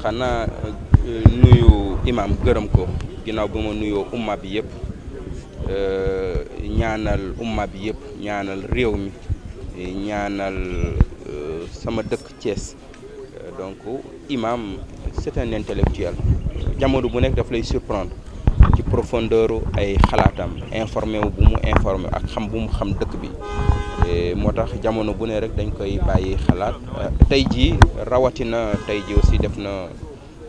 xanaa euh, nuyu imam gërëm ko ginnaaw bi ma nuyoo umma bi yëpp euh, ñaanal umma bi yëpp ñaanal réew mi ñaanal euh, sama dëkk Thiès donc imam c'est un intellectuel jamono bu nekk daf lay surprendre ci profondeur ay xalaatam informé wu bu mu informé ak xam bu mu xam dëkk bi Eh, moo tax jamono bu ne rek dañ koy bàyyi xalaat eh, tey jii rawatina tey jii aussi def na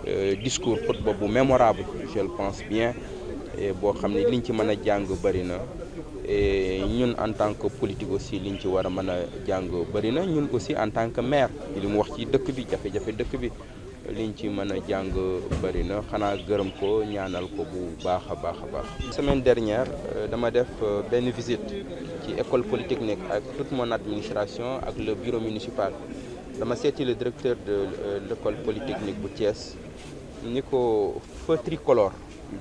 eh, discours xutba bu mémorable je le pense bien boo xam ne liñ ci mën a jàng bëri na ñun en tant que politique aussi li liñ ci war a mën a jàng bëri na ñun aussi en tant que maire li mu wax ci dëkk bi jafe-jafe dëkk bi liñ ci mën a jàng bëri na xanaa gërëm ko ñaanal ko bu baax a baax a baax. semaine dernière dama def benn visite. ci école polytechnique ak toute mon administration ak le bureau municipal dama seeti le directeur de euh, l'école polytechnique bu cees ni ko feu tricolore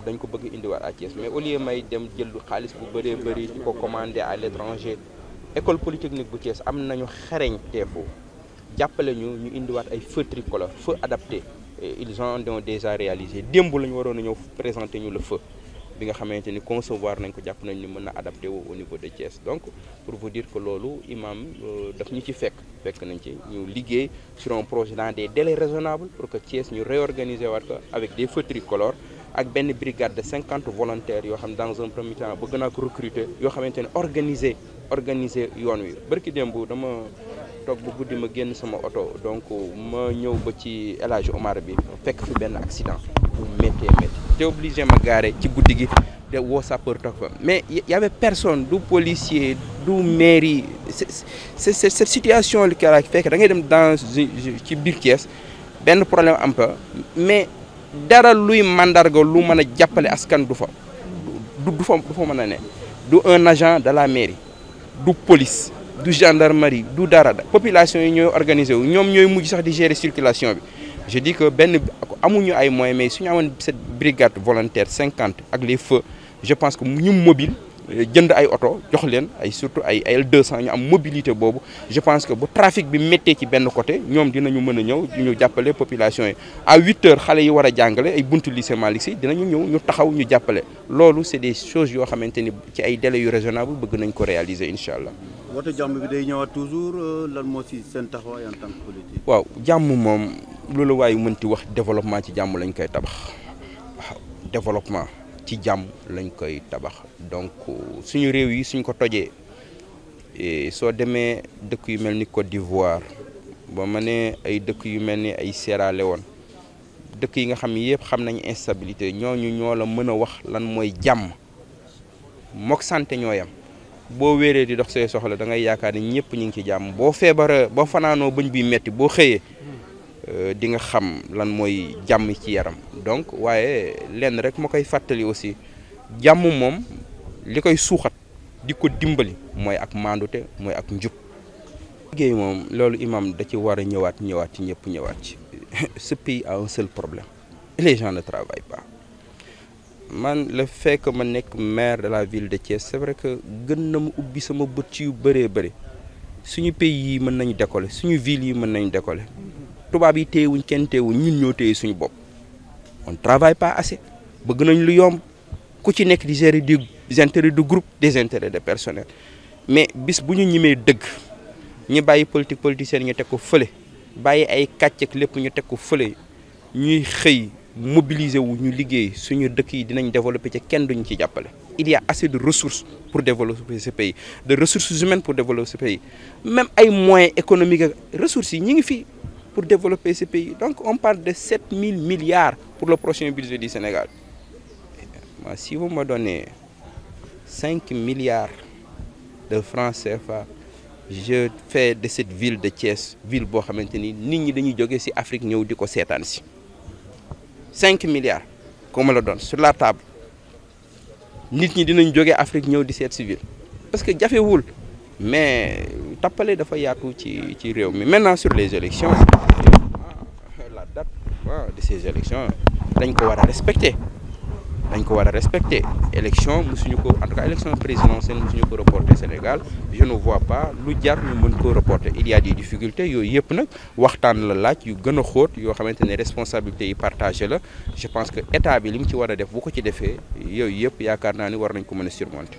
dañ ko bëgg indiwaat a Thiès mais au lieu may dem jël xaalis bu bëree bëri di ko commander à l'étranger école polytechnique bu cees am nañu xereñ teefu jàppale ñu ñu indiwaat ay feu tricolore feu adapté ils en ont déjà réalisé démb la ñu waroon a ñëw présenter ñu le feu bi nga xamante ni concevoir nañ ko jàpp nañ ni mën na adapté wu au niveau de Thiès donc pour vous dire que loolu imam euh, daf ñu ci fekk fekk nañ ci ñu liggéey suron un projet dans des délais raisonnables pour que Thiès ñu réorganiser waat ko avec des feux tricolores ak benn brigade de cinquante volontaires yoo xam dans un premier temps bëgg naa ko recruter yoo xamante ne organiser organiser yoon wi barki démb dama toog bu guddi ma génn sama oto donc ma ñëw ba ci El Hadj bi fekk benn accident bu méttee métti te obligé ma gaare ci guddi gi de woo sapeur toog fa mais y avait personne du policier du mairie c'est cette situation li kara fekk da ngay dem dans ci biir Thiès benn problème am fa mais dara luy mandarga lu mën a jàppale askan du fa du fa du mën a ne du un agent de la mairie du police du gendarmerie du dara population yi ñooy organiser wu ñoom ñooy mujj sax di gérer circulation bi je di que benn amuñu ay moyens mais suñu amoon cette brigade volontaire cinquante ak les feux je pense que ñu mobile jënd ay oto jox leen ay surtout ay ay L200 ñu am mobilité boobu je pense que bu trafic bi méttee ci benn côté ñoom dinañu mën a ñëw ñu jàppale population yi à huit heures xale yi war a jàngale ay buntu lycée Malick Sy dinañu ñëw ñu taxaw ñu jàppale loolu c'est des choses yoo xamante ni ci ay délais yu raisonnable bëgg nañ ko réaliser incha allah. woote jàmm bi day ñëwaat toujours euh, lan moo ci seen taxawaay en waaw lu la waaye mënti wax développement ci jàmm lañ koy tabax développement ci jàmm lañ koy tabax donc euh, suñu réew yi suñ ko tojee eh, soo demee dëkk yu mel ni Côte d'Ivoire ba mënee ay dëkk yu mel ni ay Sierra woon dëkk yi nga xam ne yëpp xam nañu instabilité ñoo ñu ñoo la mën a wax lan mooy jàmm mook santé ñooyam boo wéeree di dox say soxla da yaakaar ni ñëpp ñu ngi ci jàmm boo feebaree boo fanaanoo bëñ buy metti boo xëyee Euh, di nga xam lan mooy jàmm ci yaram donc waaye lenn rek ma koy fàttali aussi jàmm moom li koy suuxat di ko dimbali mooy ak maandute mooy ak njub liggéey moom loolu imam da ci war a ñëwaat ñëwaat ci ñëpp ñëwaat ci ce pays a un seul problème les gens ne man le fekk que ma nekk maire de la ville de Thiès c'est vrai que gën na mu ubbi sama bët ci yu bëree bëri suñu pays yi mën nañu décoller suñu ville yi mën nañu décoller tubaab yi téyewuñ kenn téyewuñ ñun ñoo téye suñu bopp on travail pas assez bëgg nañ lu yomb ku ci nekk di gérer des intérêts de groupe des intérêts de personnel mais bis bu ñu ñimee dëgg ñu bàyyi politique politicienne ñu teg ko fële bàyyi ay kàcc ak lépp ñu teg ko fële ñuy xëy mobiliser wu ñu liggéey suñu dëkk yi dinañ développer ci kenn duñ ci jàppale. il y a assez de ressources pour développer ce pays de ressources humaines pour développer ce pays même ay moyens économiques yi ñu ngi fi. pour développer ce pays. Donc on parle de 7 mille milliards pour le prochain budget du Sénégal. Moi, si vous me donnez 5 milliards de francs CFA, je fais de cette ville de Thiès, ville boo xamante ni nit ñi dañuy joge si Afrique ñëw di ko seetaan si cinq milliards qu'on me le sur la table nit ñi dinañ jóge Afrique ñëw di seet ci ville parce que jafewul mais. tappale dafa yaatu ci ci réew mi maintenant sur les élections la date de ces dañ ko war a respecter dañ ko war a respecter élection suñu ko en tout cas élection présidentielle musuñu ko reporter Sénégal je ne vois pas lu jar ñu mën ko reporter il y des difficultés yooyu yëpp nag waxtaan la laaj yu gën a xóot yoo xamante ne responsabilités yi partagé la je pense que état bi li mu ci war a def boo ko ci defee yooyu yëpp yaakaar naa ni war nañ ko mën a surmonter